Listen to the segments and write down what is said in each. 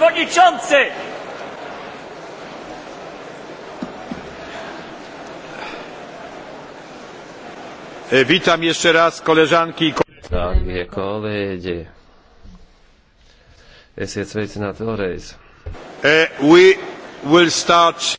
przewodniczący! E, witam jeszcze raz koleżanki i Dārgie kolēģi, esiet sveicināti vēlreiz. E, uh, start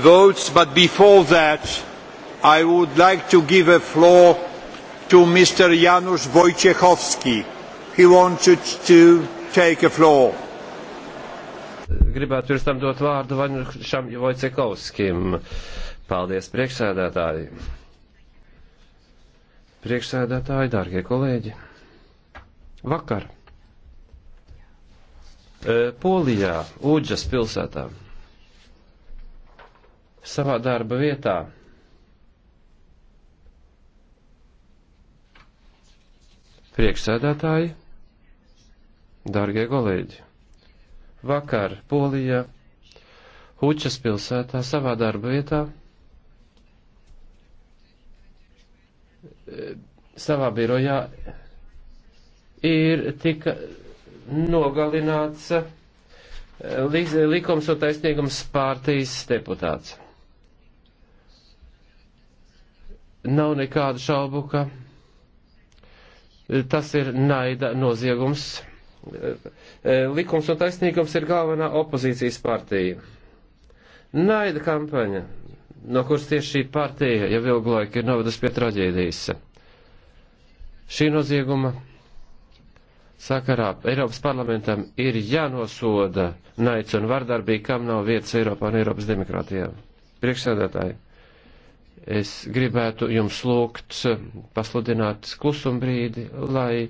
votes, but before that I would like to give a floor to Mr. Janusz Wojciechowski. He wanted to take a floor gribētu pirms tam dot vārdu Vaņšam Vojcekovskim. Paldies, priekšsēdētāji. Priekšsēdētāji, dārgie kolēģi. Vakar. E, Polijā, Uģas pilsētā, savā darba vietā. Priekšsēdētāji, dārgie kolēģi, Vakar Polijā, Hučas pilsētā, savā darba vietā, savā birojā ir tika nogalināts eh, likums un taisnīgums pārtīs deputāts. Nav nekādu šaubu, ka tas ir naida noziegums. Eh, likums un taisnīgums ir galvenā opozīcijas partija. Naida kampaņa, no kuras tieši šī partija jau ilgu laiku ir novedusi pie traģēdijas. Šī nozieguma sakarā Eiropas parlamentam ir jānosoda naids un vardarbība, kam nav vietas Eiropā un Eiropas demokrātijā. Priekšsēdētāji, es gribētu jums lūgt pasludināt klusumbrīdi, lai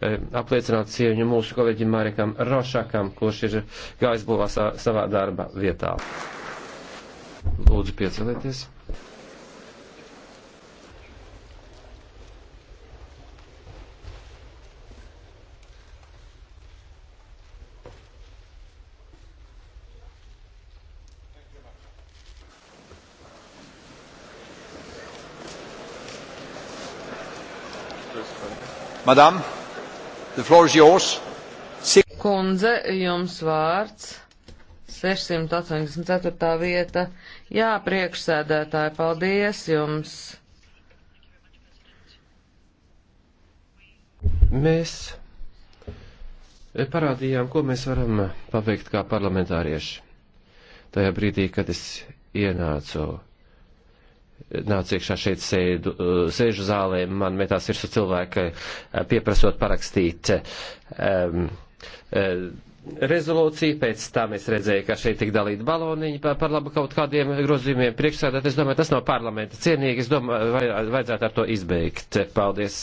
E, apliecināt cieņu mūsu kolēģim Marikam Rošakam, kurš ir gājis būvā savā darba vietā. Lūdzu, piecelieties. Madame The floor is yours. Si Kundze, jums vārds. 684. vieta. Jā, priekšsēdētāji, paldies jums. Mēs eh, parādījām, ko mēs varam paveikt kā parlamentārieši. Tajā brīdī, kad es ienācu nāca iekšā šeit sēdu, eh, sēžu zālē, man metās virsū cilvēki eh, pieprasot parakstīt um, rezolūciju, pēc tam es redzēju, ka šeit tik dalīta baloniņa par, par labu kaut kādiem grozījumiem priekšsēdāt. Es domāju, tas nav parlamenta cienīgi, es domāju, vaj, vajadzētu ar to izbeigt. Paldies,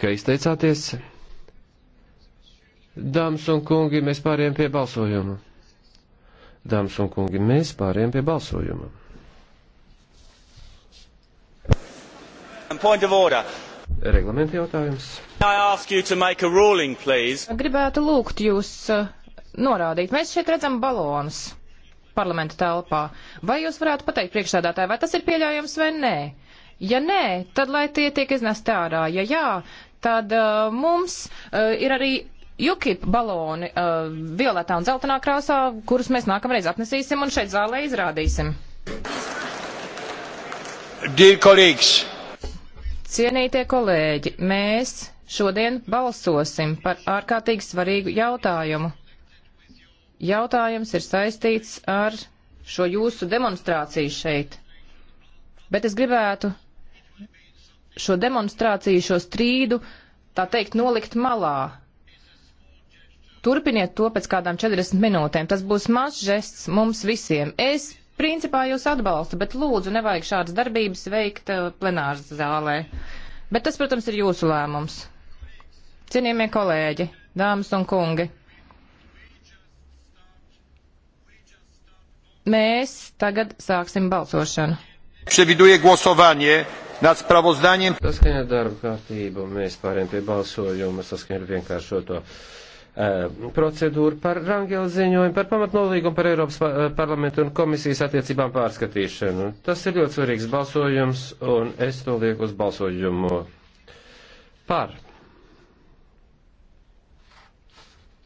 ka izteicāties. Dāmas un kungi, mēs pāriem pie balsojuma. Dāmas un kungi, mēs pāriem pie balsojuma. Reglamenta jautājums. Ruling, Gribētu lūgt jūs uh, norādīt. Mēs šeit redzam balonus parlamenta telpā. Vai jūs varētu pateikt priekšsēdātāji, vai tas ir pieļaujams vai nē? Ja nē, tad lai tie tiek iznest ārā. Ja jā, tad uh, mums uh, ir arī UKIP baloni uh, violetā un zeltenā krāsā, kurus mēs nākamreiz atnesīsim un šeit zālē izrādīsim. Cienītie kolēģi, mēs šodien balsosim par ārkārtīgi svarīgu jautājumu. Jautājums ir saistīts ar šo jūsu demonstrāciju šeit. Bet es gribētu šo demonstrāciju, šo strīdu, tā teikt, nolikt malā, Turpiniet to pēc kādām 40 minūtēm. Tas būs mazs žests mums visiem. Es principā jūs atbalstu, bet lūdzu nevajag šādas darbības veikt uh, plenāras zālē. Bet tas, protams, ir jūsu lēmums. Cienījamie kolēģi, dāmas un kungi. Mēs tagad sāksim balsošanu. Przewiduje głosowanie nad sprawozdaniem. Saskaņā darba kārtību mēs pāriem pie balsojuma saskaņā ar vienkāršoto. Eh, procedūru par Rangela ziņojumu, par pamatnolīgumu par Eiropas eh, parlamentu un komisijas attiecībām pārskatīšanu. Tas ir ļoti svarīgs balsojums, un es to lieku uz balsojumu par.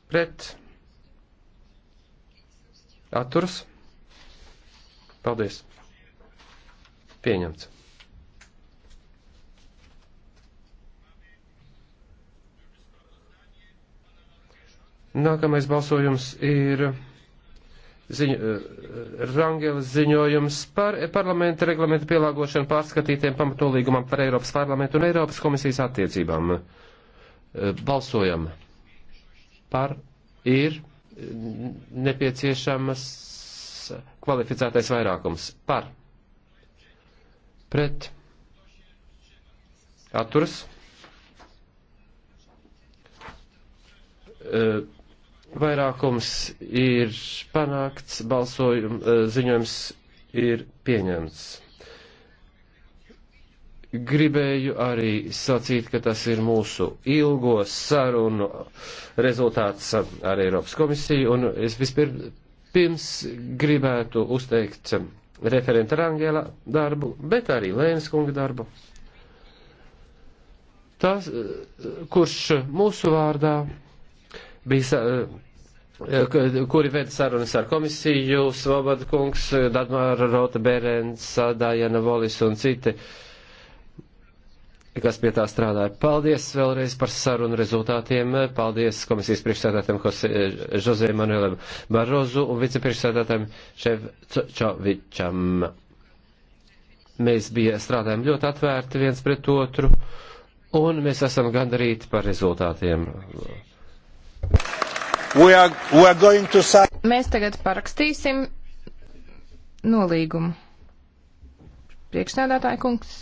Pret. Atturs. Paldies. Pieņemts. Nākamais balsojums ir ziņo, eh, Rangelas ziņojums par parlamenta reglamentu pielāgošanu pārskatītiem pamatolīgumam par Eiropas parlamentu un Eiropas komisijas attiecībām. Eh, balsojam par ir nepieciešamas kvalificētais vairākums par pret atturas. Uh, Vairākums ir panākts, balsojums, eh, ziņojums ir pieņemts. Gribēju arī sacīt, ka tas ir mūsu ilgo sarunu rezultāts ar Eiropas komisiju, un es vispirms gribētu uzteikt referenta Rangela darbu, bet arī Lēnas kunga darbu. Tas, eh, kurš mūsu vārdā bija, eh, kuri veda sarunas ar komisiju, Svobada kungs, Dadmāra Rota Berends, Dājana Volis un citi, kas pie tā strādāja. Paldies vēlreiz par sarunu rezultātiem. Paldies komisijas priekšsēdētājiem Jose Manuelam Barozu un vicepriekšsēdētājiem Ševčovičam. Mēs bija strādājam ļoti atvērti viens pret otru un mēs esam gandarīti par rezultātiem. We are, we are going to sign. Mēs tagad parakstīsim nolīgumu. Priekšnēdātāja kungs.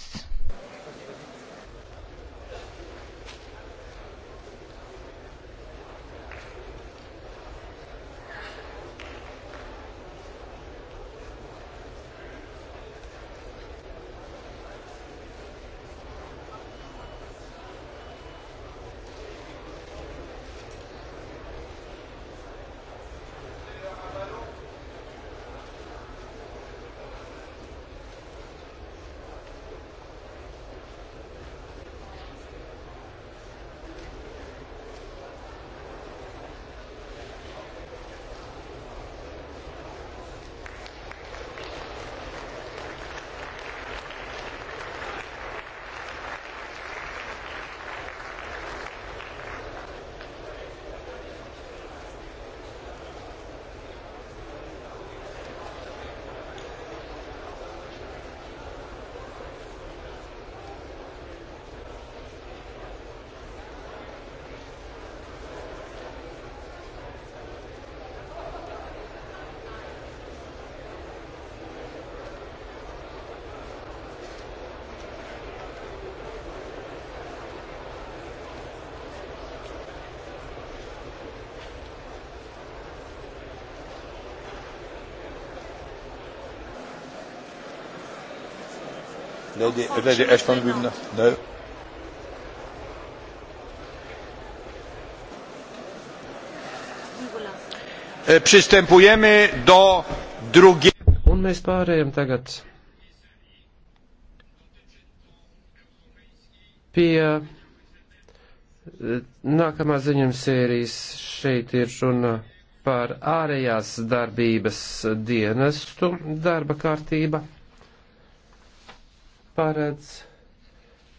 Lady, Lady Ashton will not. No. E, przystępujemy do drugiego. Un mēs pārējām tagad pie e, nākamā ziņojuma sērijas. Šeit ir runa par ārējās darbības dienestu darba kārtība paredz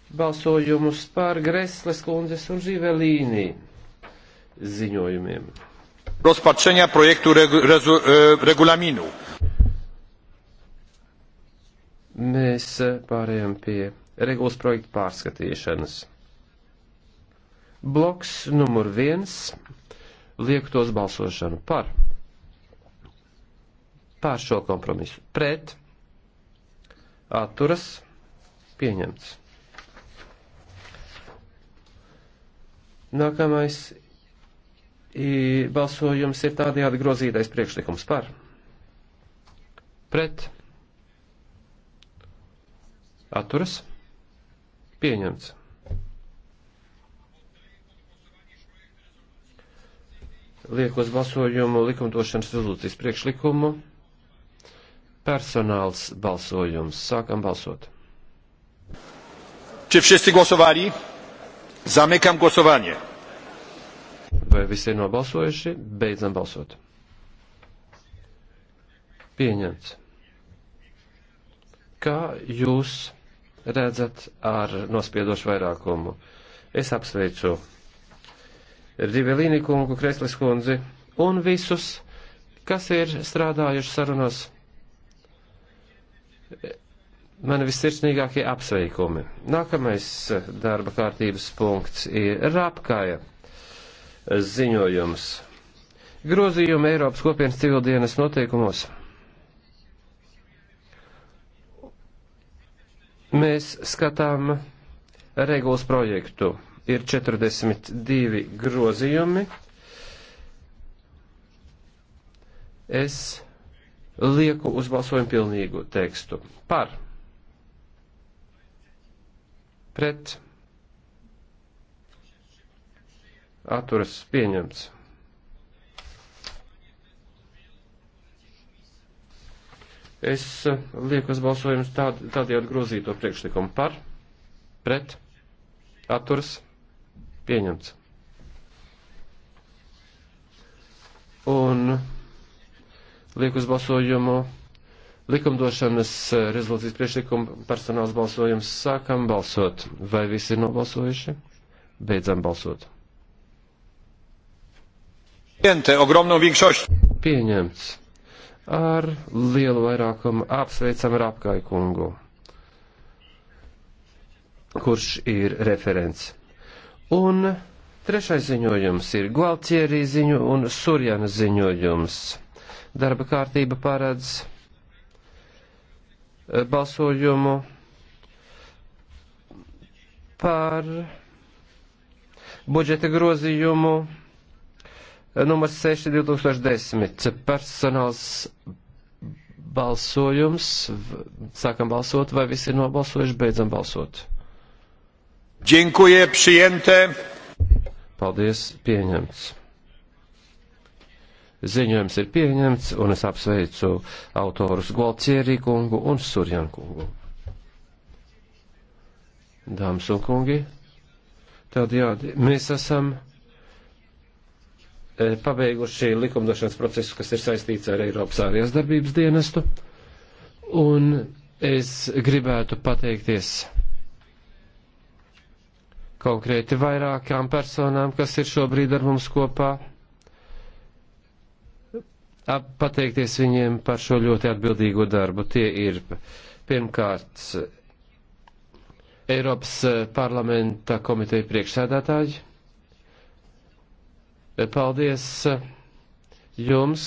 balsojumus par Gresles kundzes un Živelīnī ziņojumiem. Rozpatrzenia projektu regu, rezu, e, regulaminu. Mēs pārējām pie regulas projektu pārskatīšanas. Bloks numur viens liek tos balsošanu par. Pār šo kompromisu. Pret. Atturas pieņemts. Nākamais i, balsojums ir tādējādi grozītais priekšlikums par. Pret. Atturas. Pieņemts. Liek uz balsojumu likumdošanas rezolūcijas priekšlikumu. Personāls balsojums. Sākam balsot. Czy wszyscy głosowali? Zamykam głosowanie. Vai visi ir nobalsojuši? Beidzam balsot. Pieņemts. Kā jūs redzat ar nospiedošu vairākumu? Es apsveicu Rivelīni kungu, Kreslis kundzi un visus, kas ir strādājuši sarunās Mani vissirsnīgākie apsveikumi. Nākamais eh, darba kārtības punkts ir Rapkaja ziņojums. Grozījumi Eiropas kopienas civildienas noteikumos. Mēs skatām regulas projektu. Ir 42 grozījumi. Es lieku uz balsojumu pilnīgu tekstu par pret atturas pieņemts. Es lieku uz balsojumu tād, tādējādi grozīto priekšlikumu par, pret, atturas, pieņemts. Un lieku uz balsojumu likumdošanas eh, rezolūcijas priekšlikumu personāls balsojums. Sākam balsot. Vai visi ir nobalsojuši? Beidzam balsot. Pieņemts. Ar lielu vairākumu apsveicam ar apkaikungu, kurš ir referents. Un trešais ziņojums ir Gualtierī ziņu un Surjana ziņojums. Darba kārtība paredz Eh, balsojumu par budžeta grozījumu numurs 6 2010. Personāls balsojums. Sākam balsot, vai visi ir nobalsojuši, beidzam balsot. Dziękuję, przyjęte. Paldies, pieņemts. Ziņojums ir pieņemts, un es apsveicu autorus Gualtierī kungu un Surjan kungu. Dāmas un kungi, tad jā, mēs esam e, pabeiguši likumdošanas procesu, kas ir saistīts ar Eiropas ārējās darbības dienestu. Un es gribētu pateikties konkrēti vairākām personām, kas ir šobrīd ar mums kopā pateikties viņiem par šo ļoti atbildīgo darbu. Tie ir pirmkārt Eiropas eh, parlamenta komiteja priekšsēdētāji. Paldies eh, jums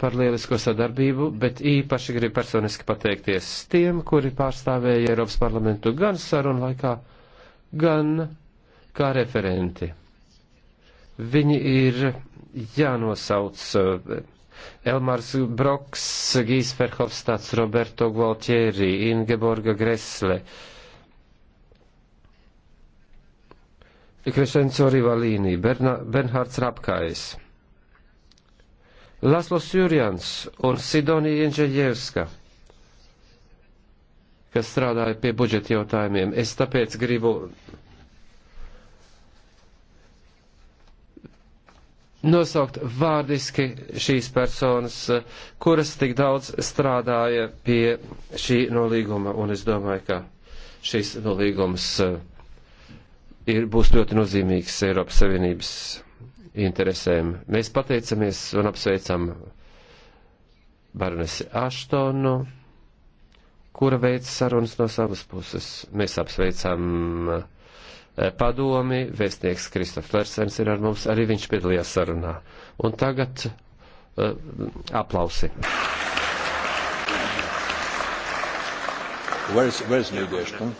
par lielisko sadarbību, bet īpaši gribu personiski pateikties tiem, kuri pārstāvēja Eiropas parlamentu gan sarunu laikā, gan kā referenti. Viņi ir jānosauc uh, Elmars Broks, Gijs Ferhofstats, Roberto Gualtieri, Ingeborga Gresle, Crescenzo Rivalini, Berna, Bernhards Rapkais, Laslo Sjurjans un Sidonija Inžeļevska kas strādāja pie budžeta jautājumiem. Es tāpēc gribu nosaukt vārdiski šīs personas, kuras tik daudz strādāja pie šī nolīguma, un es domāju, ka šis nolīgums eh, ir, būs ļoti nozīmīgs Eiropas Savienības interesēm. Mēs pateicamies un apsveicam Baronesi Aštonu, kura veids sarunas no savas puses. Mēs apsveicam uh, Eh, padomi, vēstnieks Kristofs Lersens ir ar mums, arī viņš piedalījās sarunā. Un tagad uh, aplausi. Where's, where's Lady Ashton?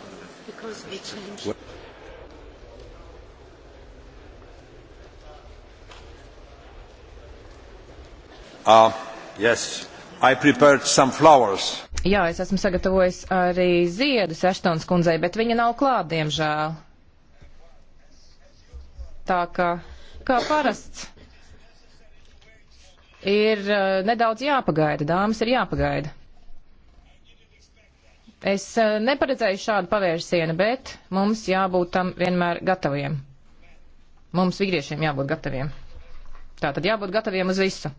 Because we changed. Where? Uh, yes, I prepared some flowers. Jā, es esmu sagatavojis arī ziedus Eštons kundzei, bet viņa nav klāt, diemžēl tā ka, kā parasts, ir eh, nedaudz jāpagaida, dāmas ir jāpagaida. Es eh, neparedzēju šādu pavērsienu, bet mums jābūt tam vienmēr gataviem. Mums vīriešiem jābūt gataviem. Tā tad jābūt gataviem uz visu.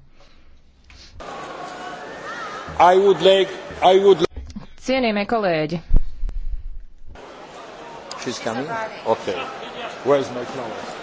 I would like, I would like... Cienījamie kolēģi. She's coming? Okay. Where's my flowers?